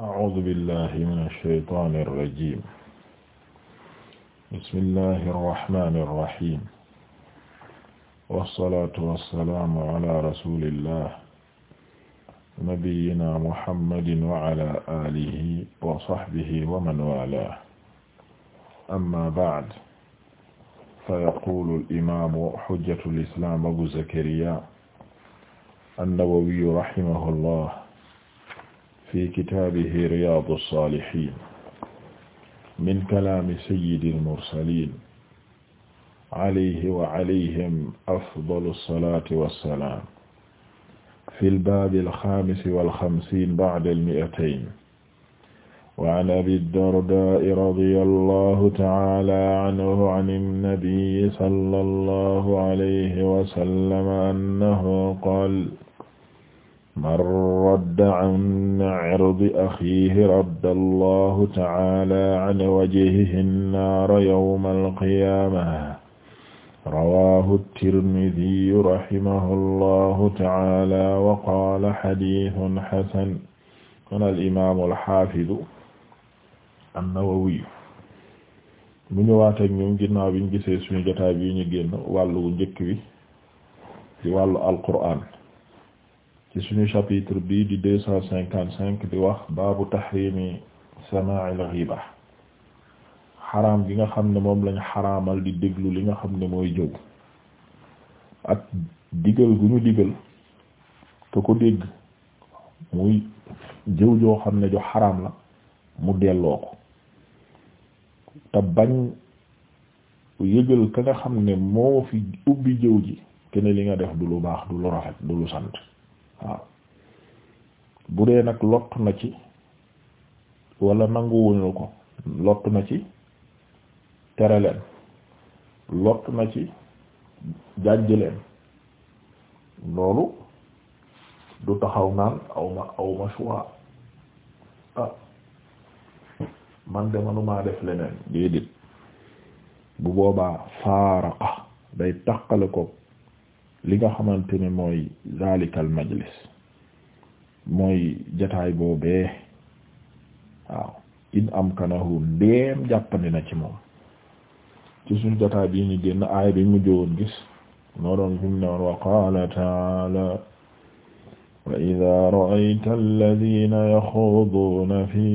أعوذ بالله من الشيطان الرجيم بسم الله الرحمن الرحيم والصلاة والسلام على رسول الله نبينا محمد وعلى آله وصحبه ومن والاه أما بعد فيقول الإمام حجة الإسلام أبو زكريا النووي رحمه الله fi kitaabihi riyaadu saalihiin min kalaami sayyidil mursaliin alayhi wa alayhim afdalu salaati wa salaam fil baabil xaamisi wal xamsiin ba'dal mi'atayn wa an abii dardaa'i radiyallaahu ta'aalaa anhu anin nabiyyi sallallaahu alayhi wa sallam annahu qaala man radda an cirdi axiihi radda allahu tacaala an wajhihi nnaara yawma alqiyaama rawaahu tirmidiyu rahimahu allahu tacaala wa qaala xadiisun xasan kon alimaamu alxaafidu annawawiyu mu ñëwaat ak ñun ginnaaw biñ gisee suñu jotaay bi ñu génn wàllu njëkk wi ci wàllu alqur'aan ci suñu chapitre bi di deux cinquante-cinq di wax baabu tahrimi samaa'il ghiba xaraam gi nga xam ne moom lañ xaraamal di déglu li nga xam ne mooy jëw ak digal gu ñu digal te ko dégg muy jëw joo xam ne ju xaraam la mu delloo ko te bañ yëgal ka nga xam ne moo fi ubbi jëw ji kenn li nga def du lu baax du lu rafet du lu sant waaw bu dee nag lott na ci wala nanguwuñu ko lott na ci tere leen lott na ci jàjj leen loolu du taxaw naan awma awma choix ah man de manumaa def leneen déedéet bu boobaa faaraqa day taqale ko li nga xamante ne mooy zalikal majlis mooy jataay boobee waaw in am kanahu ndeem jàppandi na ci moom ci suñu jataay bi ñu génn aaya bi mu jowoon gis noo doon fi mu ne woon wa qaala taala wa ida ra'ayta alladhina yaxuduuna fi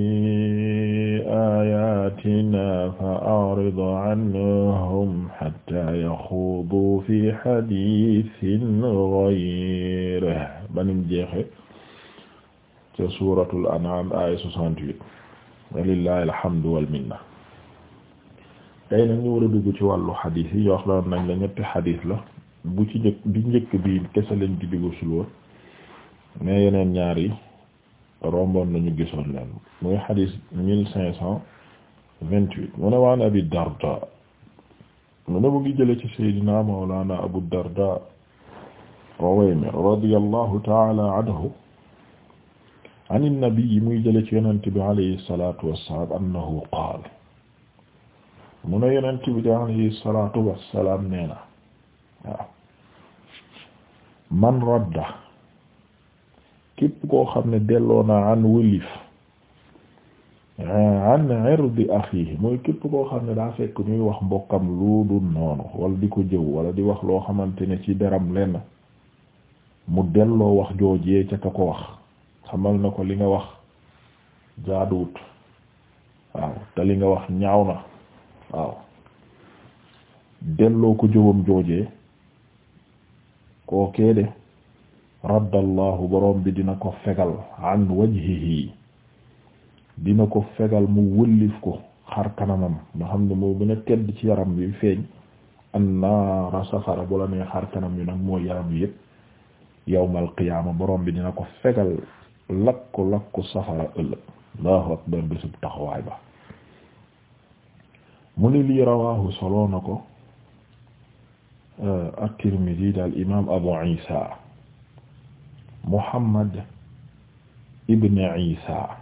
ayatina fa a'rid anhum hatta yaxuudu fi hadiisin ghayrihi banim jeexe ca suuratul an'aam aaya 68 walillahi alhamdu wal minna tey nag ñu war a dugg ci wàllu xadiis yi yoo nañ la ñetti xadiis la bu bi njëkk bi kese lañ ci dugg si woon yeneen ñaar romboon nañu gisoon leen muy xadis mille cinq cent vingt-huit mu ne waan abi darda mu ne mu ngi jële ci saydina mawlana abu darda Uwaymir radiyallahu taala anhu an nabi muy jële ci yonent bi alayhi salatu wassalam annahu qaal mu ne yonent bi alayhi salatu wassalam nee na waaw man radda képp koo xam ne delloo na an wëlif ah, an irdi akhihi mooy képp koo xam ne daa fekk ñuy wax mbokkam lu dul noonu wala di ko jëw wala di wax loo xamante ne ci daram lenn mu delloo wax joojee ca ka ko wax xamal na ko li nga wax jaaduwut waaw te li nga wax ñaaw na waaw delloo ko jëwam joojee koo de raddallahu borom bi dina ko fegal an ko fegal mu wëllif ko xar kanamam nga xam ne moo gën a tedd ci yaram wi feeñ annaara safara bu la nee xar kanam yu nag mooy yaram wi yëpp yawmal qiyaama borom bi dina ko fegal lakku lakku safara ëllëg allahu akbar bésub taxawaay ba mu ni lii rawaahu solo ko euh, at-Tirmidhi daal imaam Abu Isa Muhammad ibn Isa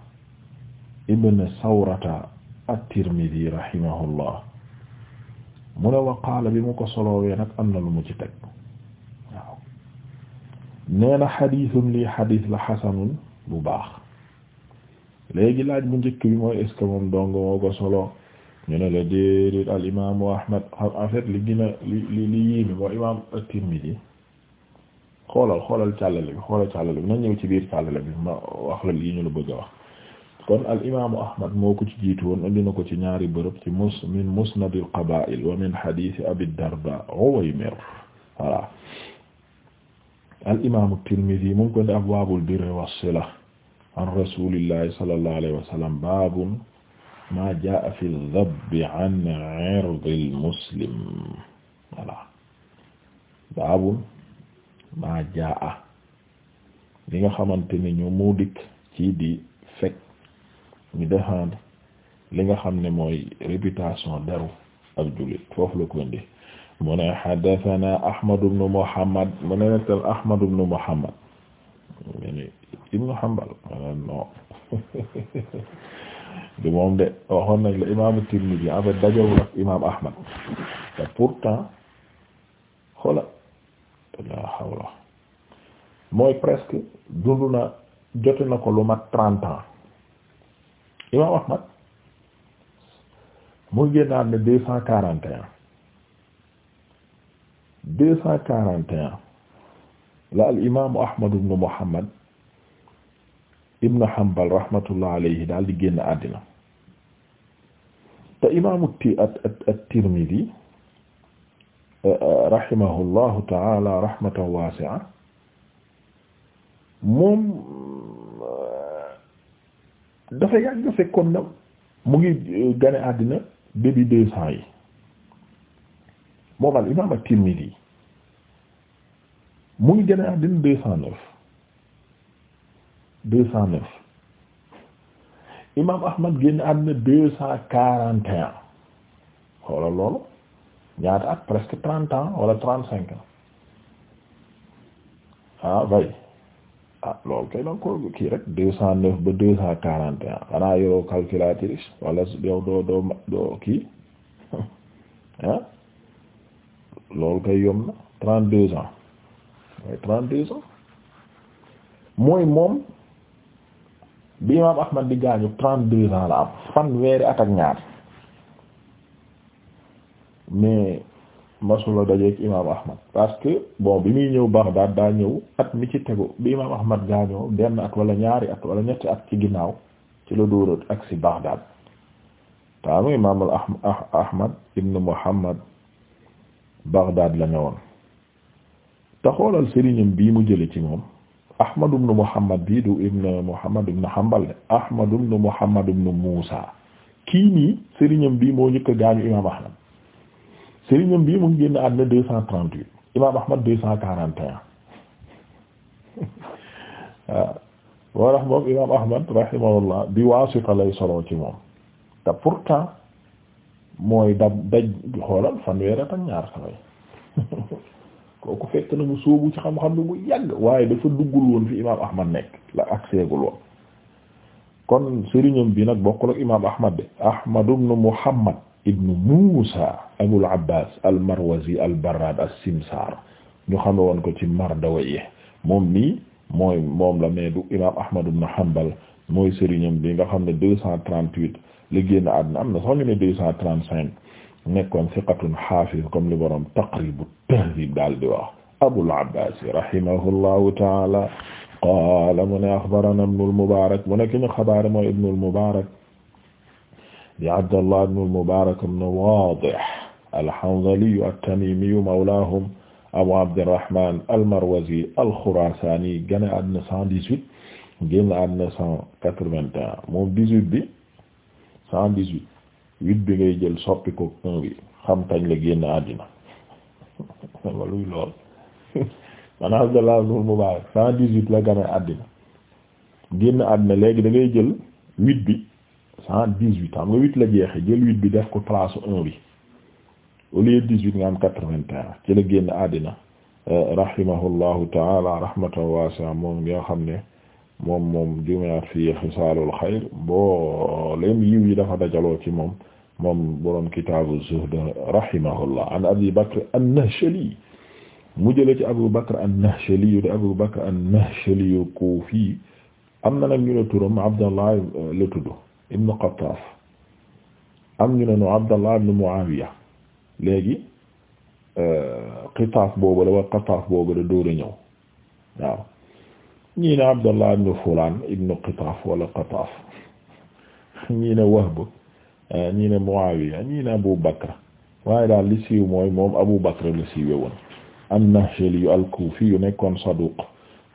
ibn Sawrata at-Tirmidhi rahimahullah mu ne waqaala bi mu ko soloowee nag am na lu mu ci teg waaw nee na xadiisun lii xadiis la xasanun bu baax léegi laaj bu njëkk bi mooy est que moom dong moo ko solo ñu ne la déedéet al imaamu Ahmad en fait li li li yéeme mooy imaam at xoolal xoolal càllale bi xoolal càllale bi na ñëw ci biir càllale bi ma wax la lii ñu la bëgg a wax kon al imaamu ahmad moo ko ci jiitu woon indi na ko ci ñaari bërëb ci mus min musnad al qabaa'il wa min hadiisi abi darda uwaymir voilà al imaamu tirmidhi mu ngi ko indi abwaabul birri was-sila an rasuulillahi sallallahu alayhi wa sallam baabun maa jaa'a fi dhabbi an 'irdil muslim voilà baabun maa jaa li nga xamante ni ñu mu dikk ci di fekk ñu défendre li nga xam ne mooy réputation deru ak jullit foofu la ko mu ne haddathana Ahmad ibn Muhammad mu ne nettal Ahmad ibn Muhammad mene ibn Hanbal mane moom de waxoon nag la imam Tirmidhi en fait dajawul ak imam Ahmad pourtant xola la mooy presque dund na na ko lu mat trente mu génnaat ne deux cent quarante et un deux cent quarante al imaamu ahmad ibnu muhammad ibnu hanbal rahmatullah alayhi daal di génn àddina te imaamu ti at at at tirmidi rahimahullahu taala rahmatan wasi'a moom euh, dafa yàgg fekkoon mu ngi euh, gane àddina début deux cents yi moom al imaam at-Tirmidhi mu ngi gane àddina deux cent neuf deux cent neuf imaam Ahmad génn àddina deux cent quarante et un loolu ñaata at presque trente ans wala trente cinq ans ah bay ah loolu kay la ko kii rek deux cent neuf ba deux cent quarante et xanaa yoroo calculatrice wala yow doo doo kii ah loolu kay yom na trente deux ans mooy deux ans mooy moom bi imaam Ahmad di gaañu trente deux ans la am fanweeri at ak ñaar mais masula dajeek imam ahmad parce que bon bi muy ñëw Baghdad daa ñëw at mi ci tegu bi imam ahmad gaañoo benn at wala ñaari at wala ñetti at ci ginnaaw ci la dóorat ak si Baghdad taamu imam ahmad la ñëwoon te sëriñam bii mu jële ci moom ahmad ibn muhammad bii du ibn muhammad ibn hanbal de ahmad ibn muhammad ibn muusa kii nii sëriñam bii moo njëkk gaañu imam ahmad sëriñam bii mu ngi génn àddina deux cent trente huit imaam Ahmad deux cent quarante et moom imaam Ahmad rahimahullah bi waasita lay soloo ci moom te pourtant mooy dab daj xoolal fanweer ak ñaar saway kooku fekk na mu sóobu ci xam-xam bi mu yàgg waaye dafa duggul woon fi imaam Ahmad nekk la ak seegul woon kon sëriñam bi nag bokkul ak imaam Ahmad de Ahmad ibnu Muhammad ibnu Muusa Abul Abbas al-Marwazi al-Barrad as-Simsar ñu xame woon ko ci Mardawi moom nii mooy moom la mais du imaam Ahmad ibn Hanbal mooy sëriñam bi nga xam ne deux cent trente-huit li génn àdduna am na sax ñu ne deux cent trente-cinq nekkoon thiqatun hafiz comme li borom Taqrib at-Tahdhib daal di wax Abul Abbas rahimahullahu ta'ala qaala mu ne axbarana ibnu al-Mubaarak mu ne ki ñu xabaare mooy ibnu al-Mubaarak di Abdallah ibnu al-Mubaarak ibnu Waadih al-Hanzaliyu at-Tamimiyu mawlaahum Abu Abdirrahman al-Marwazi al-Khurasani gane àddina 118 génn àddina 181 moom 18 bi 118 8 bi ngay jël soppi ko 1 xam kañ la génn àddina waluy lool man Abdullah ibn Mubarak 118 la gane àddina génn àddina léegi dangay jël 8 bi 118 xam nga 8 la jeexe jël 8 bi def ko place 1 au lieu dix huit nga am quatre vingt un ci la génn àddina euh, rahimahullahu taala rahmatan waasi'a moom nga xam ne moom moom jumiat fii xisaalul xayr mboolem yiw yi dafa dajaloo ci moom moom borom kitaabu zuhd rahimahullah an abi bakr an-nahshali mu jële ci abu bakr an-nahshali de abu bakr kuufi am na nag ñu ne turam euh, la tudd ibnu qattaaf am ñu nu abdallah ibnu muawiya léegi qitaaf euh, boobu la wa qitaaf boobu la dóor a ñëw waaw ñii ne Abdallah ibn Fulaan ibn qitaaf wala qitaaf ñii ne Wahb euh, ñii ne Abu Bakr waaye daal li siiw mooy moom Abu Bakr la siiwe woon an-Nahshali al-Kufi yu nekkoon saduq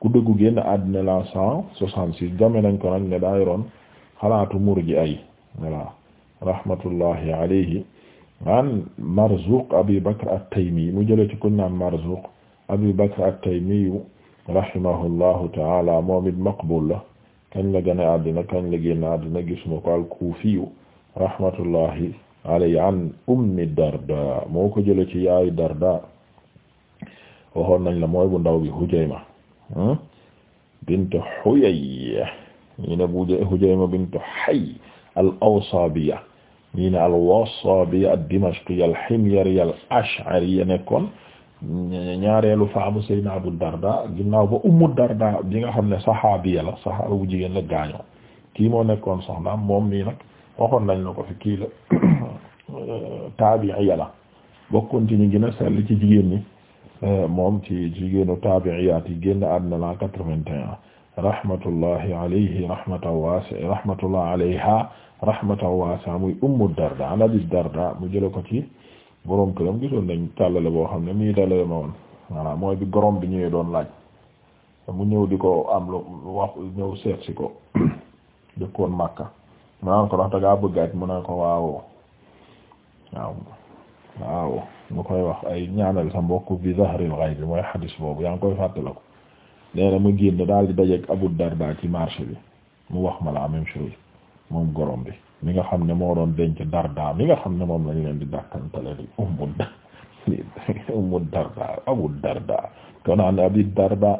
ku dëggu génn àddina la cent soixante-six jame nañ ko nag ne daa yoroon xalaatu murji ay voilà rahmatullahi alayhi an Marzuq Abi Bakr at-Taymi mu jëlee ci kuñ naan Marzuq Abi Bakr at-Taymi rahimahullahu ta'ala moom it maqbul la kañ la gane àddina kañ la génn àddina gisuma ko al-Kufi rahmatullahi alayhi an Ummi Darda moo ko jëlee ci yaayu Darda waxoon nañ la mooy bu ndaw bi Hujayma hmm? bint Huyay ñu ne Hujayma bint Hay al-Awsabiya ñii ne al-Wasabi ad-Dimashqi al-Himyari al-Ash'ari nekkoon ñaareelu faamu Sayyidina Abu Darda ginnaaw ba Ummu Darda bi nga xam ne saxaabiya la saxaaba bu jigéen la gaañoo kii moo nekkoon soxnaam moom nii nag waxoon nañ la ko fi kii la taabi'iya la bokkoon ci ñu gën ci jigéen ñi moom ci jigéenu taabi'iyaat yi génn àdduna la 81 rahmatullahi alayhi rahmatan waasi'a rahmatullahi alayha rahmatan waasi'a muy ummu darda an abi darda mu jële ko ci borom këram gisoon nañ tàllale boo xam ne mii dalale ma woon voilà mooy bi borom bi ñëwee doon laaj mu ñëw di ko am lu wax ñëw seet si ko dëkkoon Makka mu naan ko ndax dangaa bëggaat mu ne ko waaw waaw mu koy wax ay ñaanal sa mbokk bi zahril ghaib bi mooy xadis boobu yaa ngi koy fàttala ko nee na mu génn daal di dajeek Abu Darda ci marché bi mu wax ma la même moom gorom bi mi nga xam ne moo doon denc darda mi nga xam ne moom lañ leen di dàkkantale di ummu ummu darda abu darda kon an abi darda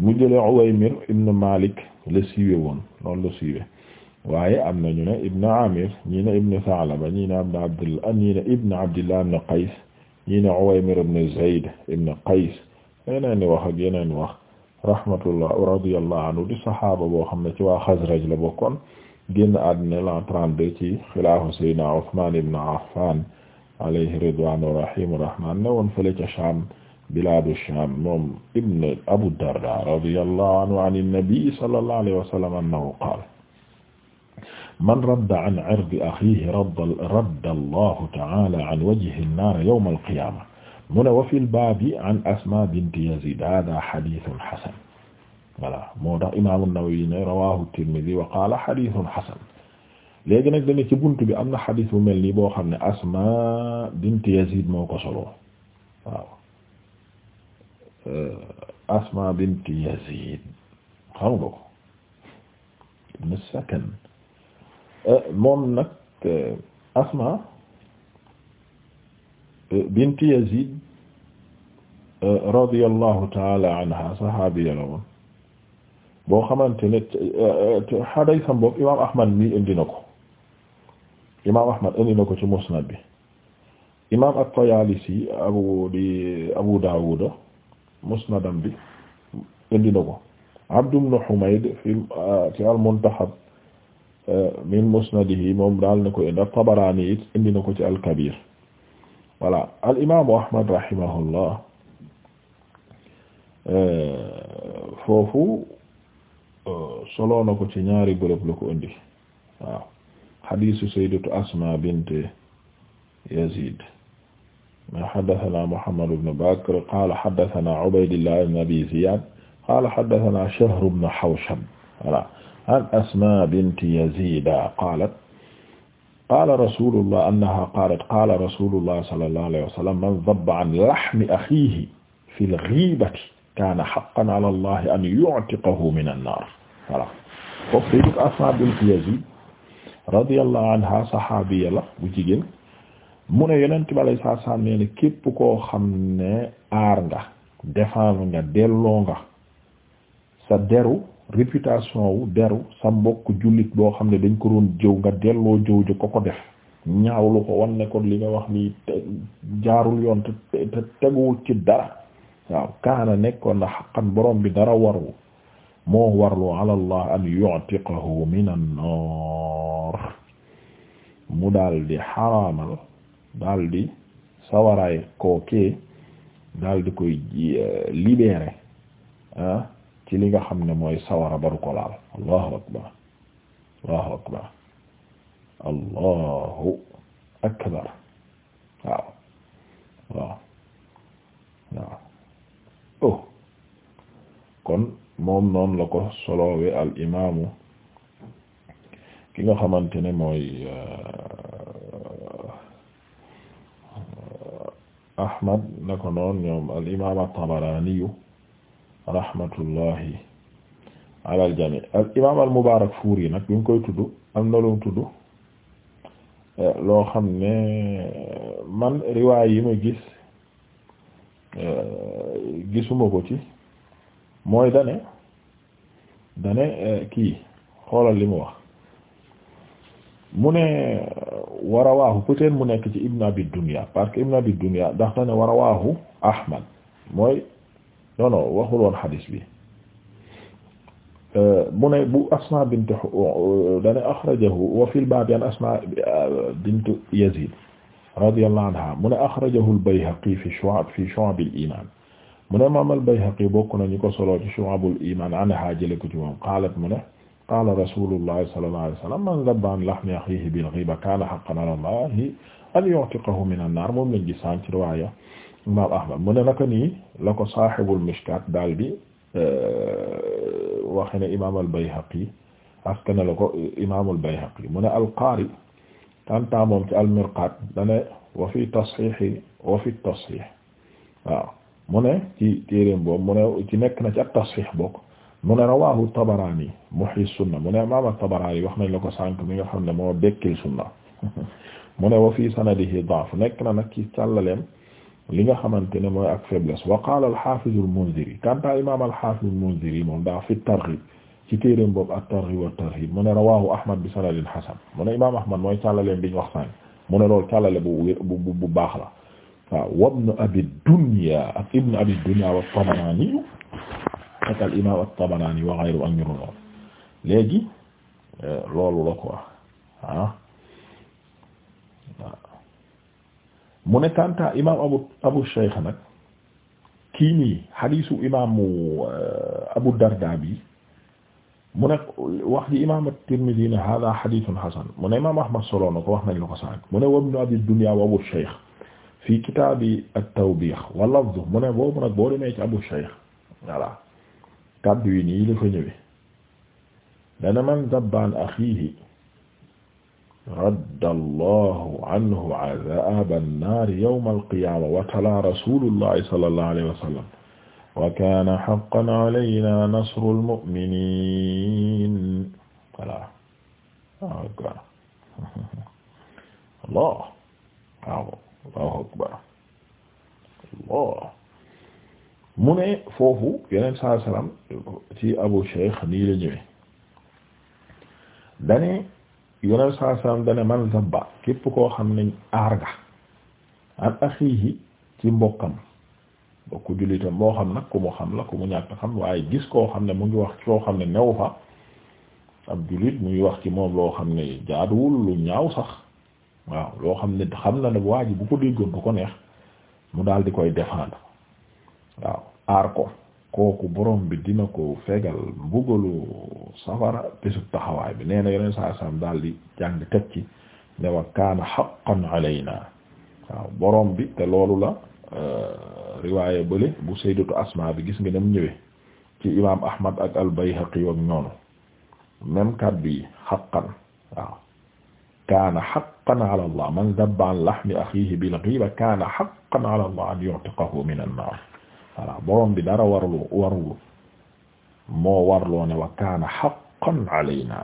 mu jële Uwaymir ibn Malik la siiwe woon noonu siiwe waaye am nañu ne ibn Amir ñi ne ibn Sa'laba ñi ne ibn Abdullah ñi ne ibn Abdillah ibn Qays ñi ne Uwaymir ibn Zayd ibn Qays yeneen wax ak yeneen wax rahmatullah radiyallahu anhu di saxaaba boo xam ne ci waa Xasraj la bokkoon génn àddina la 32 ci xilaafu Seydina Usmaan ibn Affaan alayhi ridwaanu rahiim rahmaan ne woon fële ca Shaam bilaadu Shaam moom ibn Abu Darda radiyallahu anhu an an-nabi sallallahu alayhi wa sallam annahu qaala man radda an irdi axiihi radda Allahu ta'aala an wajhihi an-naar yawma al-qiyaama mu ne wa fil baabi an Asmaa binti Yaziid haaza hadiisun hasan voilà moo tax imaamu Nawawi ne rawahu Tirmidhi wa qaala hadithun hasan léegi nag dana ci bunt bi am na hadith bu mel nii boo xam ne Asma bint Yazid moo ko solo waaw euh, Asma bint Yazid xam nga ko ibn Sakan euh, moom nag euh, Asma bint Yazid radiyallahu ta'ala anha sahabiya la woon boo xamante ne xadaysam boobu imaam Ahmad mi indi na ko imaam Ahmad ko ci musnad bi imaam at-Tayaalisi abu di Abu Daawud musnadam bi indi na ko Abd ibn ci al-Muntahab min musnadihi moom daal na ko al-Kabiir al-imaamu Ahmad rahimahullah foofu Euh, solo na ko ci ñaari bërëb la ko indi waaw hadisu sayyidatu Asma bint Yazid ma haddathana Muhammad ibn Bakr qala haddathana Ubaydullah ibn Abi Ziyad qala haddathana Shahr ibn Hawshab voilà an Asma bint Yazid qalat qala rasulullah annaha qalat qala rasulullah sallallahu alayhi wa sallam man dabba an lahmi akhihi fil ghibati kaana haqqan ala an yu'tiqahu min an-naar voilà foofu sayyidatu Asmaa bint Yaziid radiyallahu anha saxaabiya la bu jigéen mune ne yonent bi alayhi képp koo xam ne aar nga défendre nga delloo nga sa deru réputation wu deru sa mbokk jullit boo xam ne dañ ko doon jëw nga delloo jëw ji ko ko def ñaawlu ko wan ko li nga wax ni jaarul yoon te teguwul ci dara waaw kaana nekkoon na xaqan borom bi dara waru moo warlu ala allah an yu'tiqahu min an-nar mu daal di xaraamal daal di sawaraay kookee daal di koy eh, libéré ah ci li nga xam ne mooy sawara baru ko laal allahu akbar allahu akbar allahu akbar waaw waaw waaw kon moom noonu la ko soloowe al imaamu ki nga xamante ne mooy uh, Ahmad na ko noon ñoom al imaam at-Tabaraniyu rahmatullahi ala al jami imaam al Mubarakfuri nag bi mu koy tudd am na lu tudd eh, loo xam ne man riwaay yi ma gis eh, gisuma ko ci mooy dane dane eh, kii xoolal li mu wax mu ne warawaahu peut-être mu nekk ci ibn abi dunya parce que ibn abi dunya ndax dane warawaahu ahmad mooy non non waxul woon xadiis bi eh, mu ne bu asma bint eh, dane axrajahu wa fil baab an asma bint yazid radiyallahu anha mu ne axrajahu al-bayhaqi fi shu'ab fi shu'ab al-iman mu ne imaam al-Bayhaqi bokk na ñu ko solo ci Shu'abul Iman anhaa jëlee ko ci moom qaalat mu ne qaala rasuulullahi sallallahu alayhi wa sallam man zabba an lahmi axiihi bil ghiiba kaana haqqan ala Allahi an yu'tiqahu mina naar moom lañ gis sànq ci riwaaya imaam Ahmad mu ne naka nii la ko saaxibul Mishkaat daal di euh, waxe ne imaam al-Bayhaqi askan la ko imaamul Bayhaqi mu ne al-Qaari tanta moom ci al-Mirqaat dane wa fi tasxiixi wa fi tasxiix waaw. mu ne ci téereem boobu mu ne ci nekk na ci at-Tasxiix bokk mu ne rawaahu Tabaraani Muhyi sunna mu ne imaam Tabaraani wax nañ la ko sànq mi nga xam ne moo dekkil sunna mu ne wa fii sanadihi da'f nekk na nag ci càllaleem li nga xamante ne mooy ak faiblesse wa qaala al-Haafiz al-Munziri kanta imaam al-Haafiz al-Munziri moom daa fi targhib ci téereem boobu at-Targhib wat-Tarhib mu ne rawaahu Ahmad bi sanadin hasan mu ne imaam Ahmad mooy càllaleem bi ñu wax sànq mu ne loolu càllale bu bu bu baax la. waaw wabnu abi dunya ak ibnu abi dunya wa tabarani ak al imam at-tabarani wa ghayru ak ñuru lool léegi euh, loolu la quoi ah waaw mu ne kanta imam abu abu shaykh nag kii nii hadisu imamu euh, abu darda bi mu ne wax ji imam at-tirmidhi ne hada hadithun hasan mu ne imam ahmad solo na ko wax nañ la ko sànq mu ne wabnu abi dunya wa abu shaykh fi kitaabi at-tawbiix wa lafzu mu ne boobu nag boo demee ci abu shaykh voilà kaddu yi nii la fa ñëwee dana man zabbaan axiihi radda allahu anhu adaaba annaari yawma alqiyaama wa tala rasuulullahi sallallahu alayhi wa sallam wa kaana haqqan alaynaa nasrul mu'miniin voilà waaw waaw Allahu akbar mu ne foofu yeneen saa salaam ci Abu Shaykh nii la ñëwee dane yeneen saa dane man zabba képp koo xam ne aar nga an axiihi ci mbokkam mbokku jullitam moo xam nag ku mu xam la ku mu ñàkk xam waaye gis koo xam ne mu ngi wax koo xam ne new fa ab jullit muy wax ci moom loo xam ne jaaduwul lu ñaaw sax waaw loo xam ne xam na ne waa ji bu ko déggoon du ko neex mu daal di koy défendre waaw aar ko kooku borom bi dina ko fegal mbugalu safara bésub taxawaay bi nee na yeneen saa saam daal di jàng teg ci ne wa kaana haqqan alaynaa waaw borom bi te loolu la euh, riwaaya bële bu sayyidatu asma bi gis nga dem ñëwee ci imaam ahmad ak al bayhaqi ak ñoonu même kàddu yi haqqan waaw kaana haqq haqqan ala Allah man dabba an lahmi akhihi bil ghiba kaana haqqan ala Allah an yu'tiqahu min an-nar voilà borom bi dara warlu warlu moo warloo ne wa kaana haqqan alayna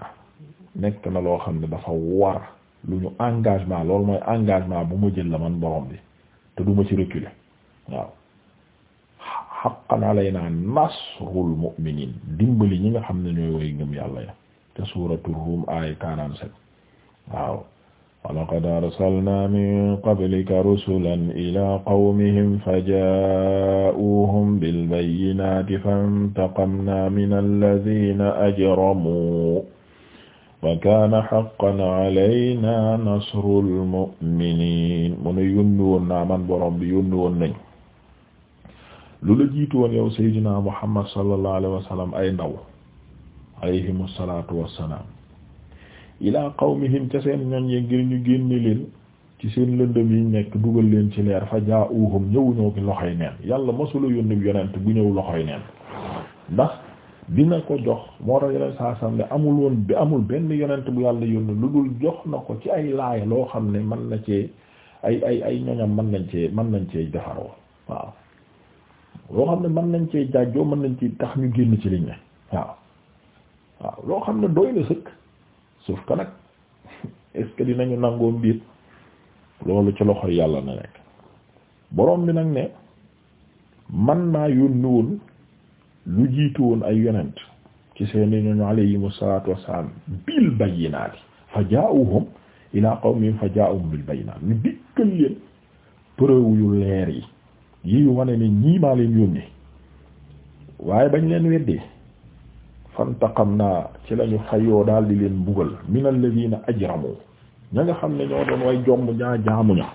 nekk na loo xam ne dafa war lu ñu engagement loolu mooy engagement bu ma jël la man borom bi te du ma ci reculer waaw haqqan alayna nasrul mu'minin dimbali ñi nga xam ne ñooy woy ngëm yàlla ya te suuratul Rum ay 47 waaw walaqad arsalnaa min qablika rusulan ilaa qawmihim fajaa'uuhum bilbayyinaati fantaqamnaa mina allaziina ajramuu wa kaana haqqan alaynaa nasrul mu'miniin mu ne yónni woon naa man borom bi yónni woon nañ lu la jiitu woon yow Seydina Muhammad sallallahu alayhi wa sallam ay ndaw alayhimu salaatu wa salaam ilaa qawmihim ca seen ñoñ ye ngir ñu génne leen ci seen lëndëm yi nekk dugal leen ci leer fa jaa'uuhum ñëwuñoo ki loxoy neen yàlla masula yónni yonent bu ñëw loxoy neen ndax dina ko jox moo tax yeneen amul woon bi amul benn yonent bu yàlla yónni lu dul jox na ko ci ay laaya loo xam ne mën na cee ay ay ay ñoñam mën nañ cee mën nañ cee defaroo waaw xam ne mën nañ cee jaajoo mën nañ ci tax ñu génn ci liñ ne waaw waaw loo xam ne doy na sëkk sauf que nag est-ce dinañu nangoo mbiir loolu ci loxo yàlla na nekk borom bi nag ne man maa yónni woon lu jiitu woon ay yonent ci seeni ñooñu alayhimu salaatu wassalaam bil bayyinaati fa jaa'uhum ilaa qawmihim fa jaa'uhum bil bayyinaati ñu dikkal leen preuve yu leer yi yi wane ne ñii maa leen yónni waaye bañ leen weddee naa ci lañu fayoo daal di leen bugal min alladhina ajramu ña nga xam ne ñoo doon way jomb ñaa jaamuña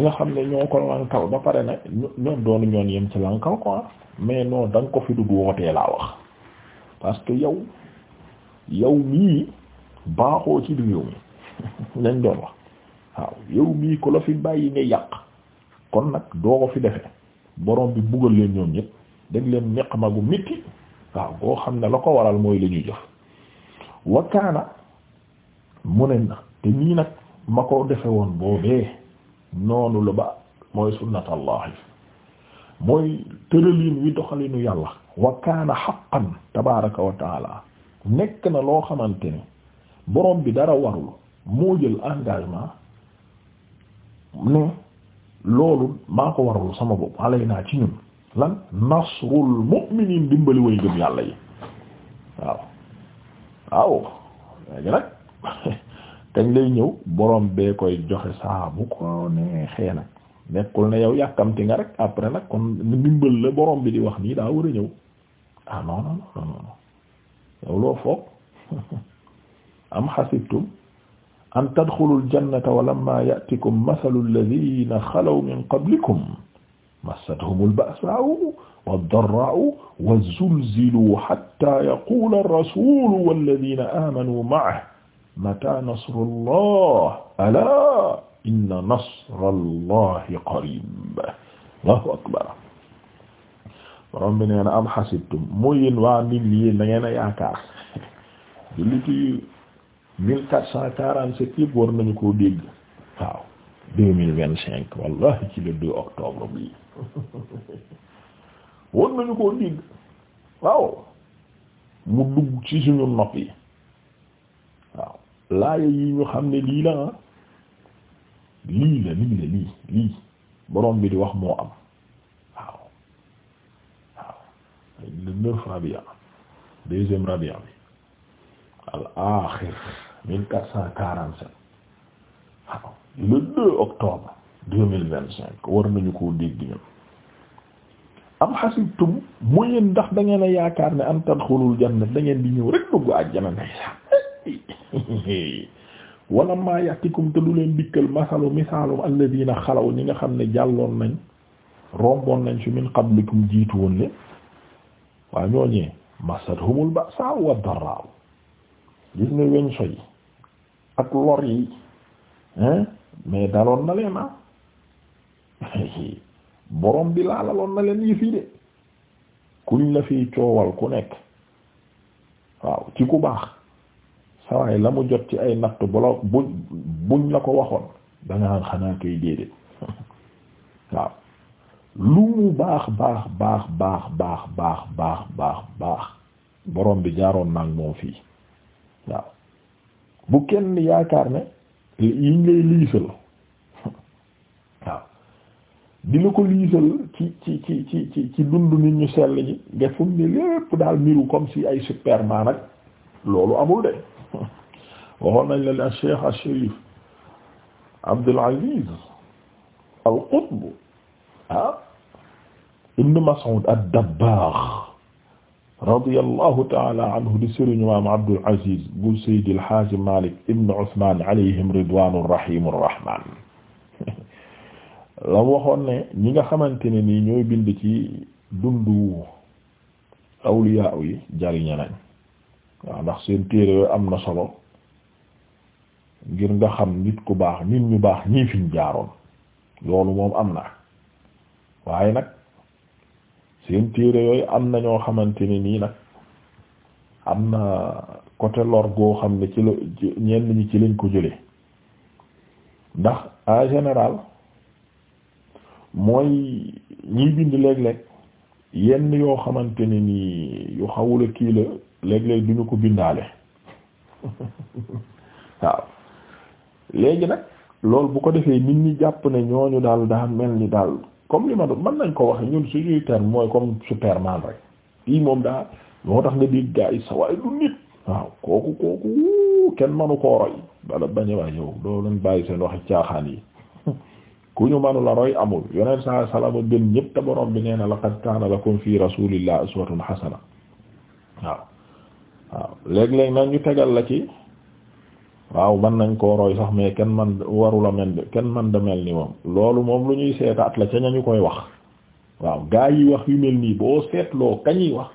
nga xam ne ñoo ko lankal ba pare na ñoom doonu ñoon yem ci lankal mais non da nga ko fi dugg wootee laa wax parce que yow yow mii baaxoo ci réew mi lañ doon wax waaw yow mii ku la fi bàyyi nga yàq kon nag doo ko fi defee borom bi buggal leen ñoom ñëpp dégg leen neq magu mitti waaw boo xam ne la ko waral mooy la ñu jëf wakkaana mu ne na te nii nag ma ko defe woon boobee noonu la ba mooy sunnatallahi mooy tëralin wi doxalinu yàlla wakkaana xaqan tabaraka wa nekk na loo xamante ne borom bi dara warul moo jël engagement ne loolu maa ko warul sama bopp alay naa ci ñun lan nasrul mu'minin dimbali way gëm yàlla yi waaw waaw léegi nag kañ lay ñëw borom bee koy joxe saa bu ko neexee nag nekkul ne yow yàkkamti nga rek après nag kon ndimbal la borom bi di wax nii daa war a ñëw ah non non non non loo foog am xasibtum an tadxulul jannata wa lamma ya'tikum masalul ladina xalaw min qablikum massatuhum al-ba'saa'u wad-daraa'u wa zulziluu hattaa yaquula ar-rasuulu wallaziina aamanuu ma'ahu mataa nasrullaah alaa inna nasrallaahi qariib Allaahu akbar borom bi nee na am xasibtum mu yéen waa nit ñi da ngeen a yaakaar jullitu 1447 yëpp war nañu koo dégg waaw 2025 wallahi ci le 2 octobre bi woon nañu koo dégg waaw mu dugg ci suñu nopp yi waaw laaya yi ñu xam ne lii la ah lii la lii la lii lii borom bi di wax moo am waaw waaw le neuf rabia deuxième rabia bi al axir mille quatre cent quarante-sept waaw le deux octobre deux mille vingt cinq war nañu koo dégg ñun am xasibtum mu yéen ndax da ngeen a yaakaar ne an tadxulul janna da ngeen di ñëw rek dugg àjjana nay sax wala maa yatikum te du leen dikkal masalu misaalum alladina xalaw ñi nga xam ne jàlloon nañ romboon nañ fi min qablikum jiitu woon leen waaw ñooñee masathumul ba'sa wa darraaw gis weñ soy ak lor yi mais daloon na leen ah. borom bi laalaloon na leen yëf yi de kuñ la fi coowal ku nekk waaw ci ku baax sawaay la mu jot ci ay natt bu la buñ buñ la ko waxoon dangaan xanaa koy déedéet waaw lu mu baax baax baax baax baax baax baax baax baax borom bi jaaroon naag moom fii waaw bu kenn yaakaar ne yiñ lay liisal di la ko liisal ci ci ci ci ci ci dund nit ñu sell ñi nga fum ni lépp daal miru comme si ay superman loolu amul de waxoon nañ la ne Cheikh al-Sharif Abdul al-Qutb ah Ibn Mas'ud ad-Dabbagh radiyallahu ta'ala anhu di sëriñu maam Abdul Aziz bu Seydi al-Haaji Malik ibn Usman alayhim ridwanur rahimur rahman la waxoon ne ñi nga xamante ne nii ñooy bind ci dundu awliya yi jariña nañ waaw ndax seen téere yooyu am na solo ngir nga xam nit ku baax nit ñu baax ñii fiñ jaaroon loolu moom am na waaye nag seen téere yooyu am na ñoo xamante ne nii nag am na coté lor goo xam ne ci la ñenn ñi ci lañ ko jëlee ndax en général mooy ñii bind léeg-léeg yenn yoo xamante ne nii yu xawula kii la léeg-léeg duñu ko bindaale waaw léegi nag loolu bu ko defee nit ñi jàpp ne ñooñu daal daa mel ni daal comme li ma man mën nañ ko waxe ñun suñuy terme mooy comme superman rek kii moom daa moo tax nga dégg gaa yi sawaay du nit waaw kooku kooku kenn manu koo roy bala bañ a yow doo bàyyi seen waxi caaxaan yi ku ñu mënu la roy amul yonent saa salama gën ñëpp te borom bi nee na laqad kaana lakum fi rasuulillah uswatun hasana waaw waaw léeg-léeg nag ñu tegal la ci waaw man nañ koo roy sax mais kenn man warula mel kenn man da mel ni moom loolu moom lu ñuy seetaat la ca ñu koy wax waaw gaa yi wax yu mel nii boo seetloo kañuy wax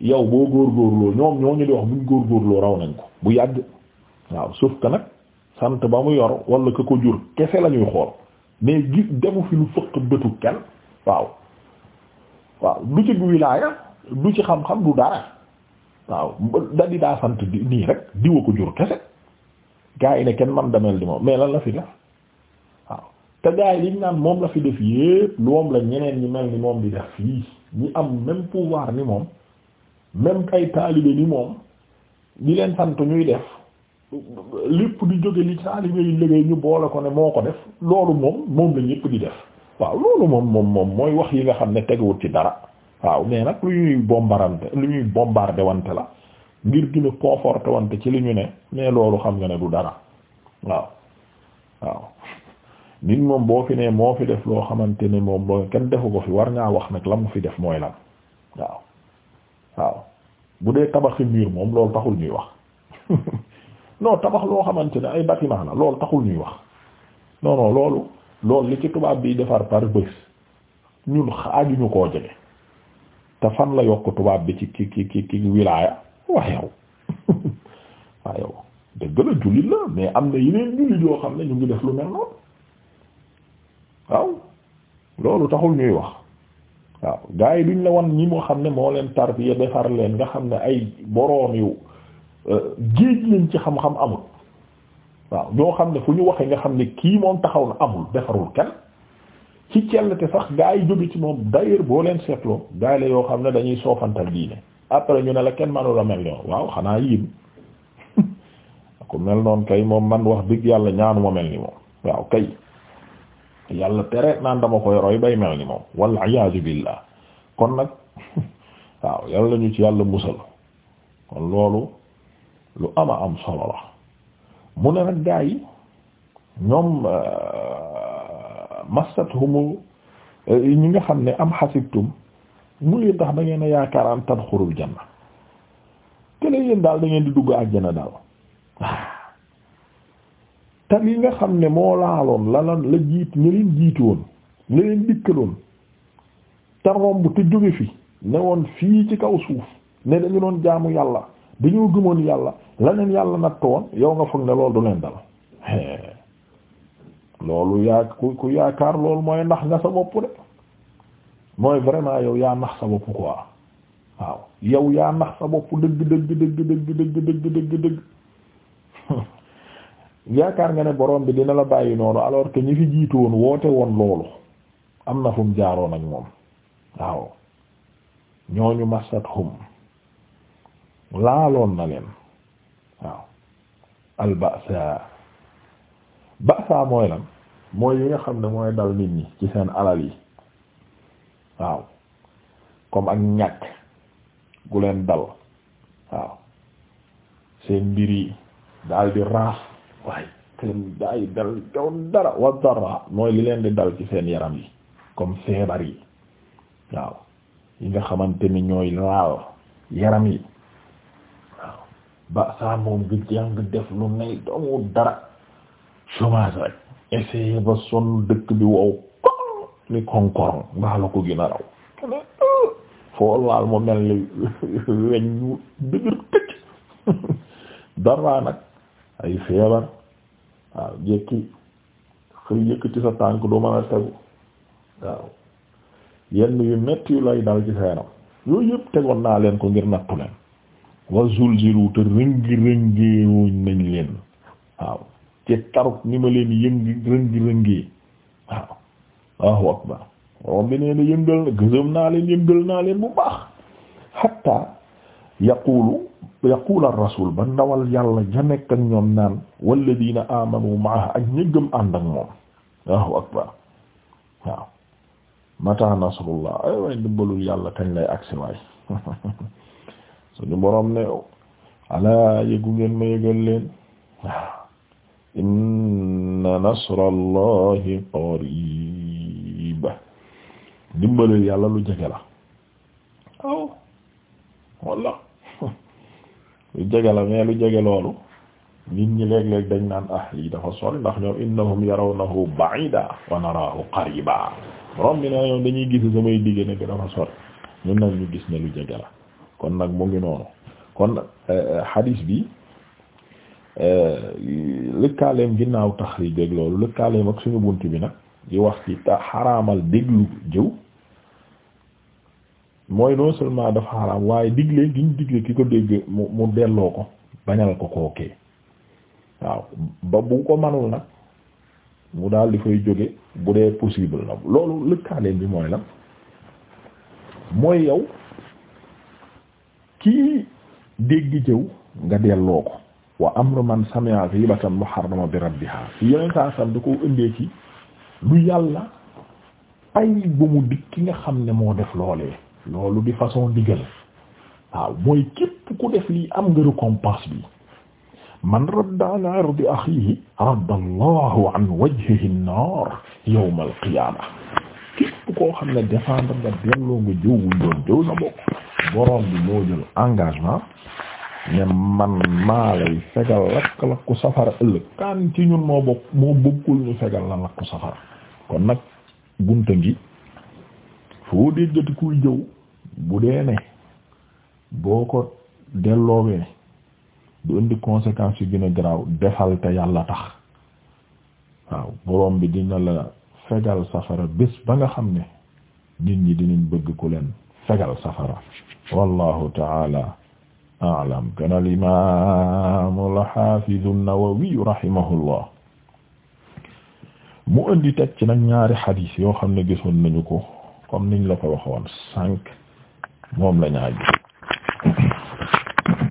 yow boo góorgóorloo ñoom ñoo ñu di wax buñ góorgóorloo raw nañ ko bu yàgg waaw suuf ka nag sant ba mu yor wala ka ko jur kese la ñuy xool mais gis defu fi lu fëq bëtu kenn waaw waaw du ci wilaaya du ci xam-xam du dara waaw da di daa sant di nii rek diwa ko jur kese gaa yi ne kenn man damel di moom mais lan la fi def waaw te gaa yi liñ naan moom la fi def yépp moom la ñeneen ñi mel ni moom di def fii ñi am même pouvoir ni moom même kay taalibe ni moom di leen sant ñuy def lépp di jóge li taalibe yi liggéey ñu boole ko ne moo ko def loolu moom moom la ñépp di def waaw loolu moom moom moom mooy wax yi nga xam ne teguwut ci dara waaw mais nag lu ñuy bombarante lu ñuy bombardé wante la ngir gën a conforté wante ci li ñu ne mais loolu xam nga ne du dara waaw waaw nit moom boo fi ne moo fi def loo xamante ne moom loo kenn defu ko fi war ngaa wax nag la mu fi def mooy lan waaw waaw bu dee tabaxi mur moom loolu taxul ñuy wax non tabax loo xamante ne ay bâtiment loolu taxul ñuy wax non loolu lool li ci tubaab bi defar par bés ñun xaajuñu koo jege te fan la yokk tubaab bi ci ci ci ci ci wilaaya waa yow waa yow dëgg la jullit la mais am na yeneen jullit yoo xam ne ñu ngi def lu mel noonu waaw loolu taxul ñuy wax waaw gaa yi duñ la wan ñi moo xam ne moo leen tarbiya defar leen nga xam ne ay boroomiw géej lañ ci xam-xam amul waaw ñoo xam ne fu ñu waxee nga xam ne kii moom taxaw na amul defarul kenn ci cellte sax gaa yi jóge ci moom d'ailleurs boo leen seetloo gaa yi la yoo xam ne dañuy soofantal diine après ñu ne la kenn mënula mel noonu waaw xanaa yéen ku mel noonu kay moom man wax dëgg yàlla ñaanu mel ni moom waaw kay yàlla tere naan dama koy roy bay mel ni moom walla iyaazu billah kon nag waaw yàlla ñu ci yàlla musal kon loolu lu ama am solo la mu ne nag gaa ñoom euh, masat humu euh, ñi nga xam ne am xasibtum mu leen tax da ngeen a yaakaar an tadxurul janna te la daal da di dugg àjjana daal te li nga xam ne moo laaloon la la jiit ña leen jiitu woon ña leen dikkaloon te romb te jóge fi ne woon fii ci kaw suuf ne dañu doon jaamu yàlla dañoo gëmoon yàlla la leen yàlla nattu woon yow nga foog ne loolu du leen dal loolu yaa ku ku yaakaar loolu mooy nax nga sa bopp de mooy vraiment yow yaa nax sa bopp quoi waaw yow yaa nax sa bopp dëgg dëgg dëgg dëgg dëgg dëgg yaakaar nga ne borom bi dina la bàyyi noonu alors que ñi fi jiitu woon woote woon loolu am na fu mu jaaroon ak moom waaw ñooñu masat hum laaloon na leen waaw al ba'sa mooy lan mooy yi nga xam ne mooy dal nit ñi ci seen alal yi waaw comme ak ñàkk gu leen dal waaw seen mbir yi daal di raaf waaye seen daay dal dara wa dara mooy li leen di dal ci seen yaram yi comme feebar yi waaw yi nga xamante ni ñooy laal yaram yi ba saa moom bi jàng def lu nay doomu dara chômage rek essayer ba sonn dëkk bi wow ni konkorong mbaa la ko gën a raw foo laal mu mel ni weñ ñu dëgër këcc dara nag ay feebar waaw jekki xëy yëkkati sa tànk du mën a tegu waaw yenn yu metti lay dal ci sa yooyu yëpp tegoon naa leen ko ngir nattu leen wa zulzilu te rëngi rëngee wuñ nañ leen waaw ci taruk ni ma leen yëngi rëngi rëngee waaw Allahu akbar borom bi nee yëngal naa leen bu baax hatta yaqulu yaqulu ar ba ndawal yàlla ja nekk ak ñoom naan walladina amanu maaha ak akbar waaw mata nasrullah ay way ndimbalul yàlla kañ lay agsi waay suñu borom ne ala yëgu ngeen ma yëgal leen inna nasrallahi qariib dimbalil yàlla lu jege la waaw walla lu jege la lu jege loolu nit ñi léeg-léeg dañ naan ah dafa sol ndax ñoom innahum yarawnahu ba'ida wa naraahu qariba borom bi ne ñoom dañuy gis samay digge ne dafa sori ñun nag ñu gis ne lu jege la kon nag mu ngi noonu kon euh, hadis bi euh, lëkkaaleem ginnaaw taxrij dég loolu lëkkaaleem ak suñu bunt bi nag di wax ci ta xaraamal déglu jëw mooy non seulement dafa xaraam waaye digle giñ digle ki ko dégg mu delloo ko bañal ko kookee waaw ba bu ko manul nag mu daal di fay jóge bu dee possible la loolu lëkkaaleem bi mooy la mooy yow kii dégg jëw nga delloo ko wa amru man sami'a ghibatan muharrama bi rabbiha fi yeneen saa sam da ci lu yàlla pay bu mu dikk ki nga xam ne moo def loolee loolu di façon diggal waaw mooy képp ku def lii am nga récompense bi man radda an ardi akhihi radda allahu an wajhihi an-nar yawm al koo xam ne défendre nga delloo nga jëw wuñ doon jëw sa bokk boroom bi moo jël engagement ne man maa lay fegal lakk-lakku safara ëllëg kan ci ñun moo bokk moo bëggul ñu fegal la lakku safara kon nag bunta ngi foo déggati kuy jëw bu dee ne boo ko delloowee du indi conséquences yu gën a garaaw defal te yàlla tax waaw borom bi dina la fegal safara bés ba nga xam ne nit ñi dinañ bëgg ku leen fegal safara wallahu taala alam kon al imam al hafiz mu indi teg ci nag ñaari xadis yoo xam ne gisoon nañu ko comme niñ la ko waxoon cinq moom la ñaa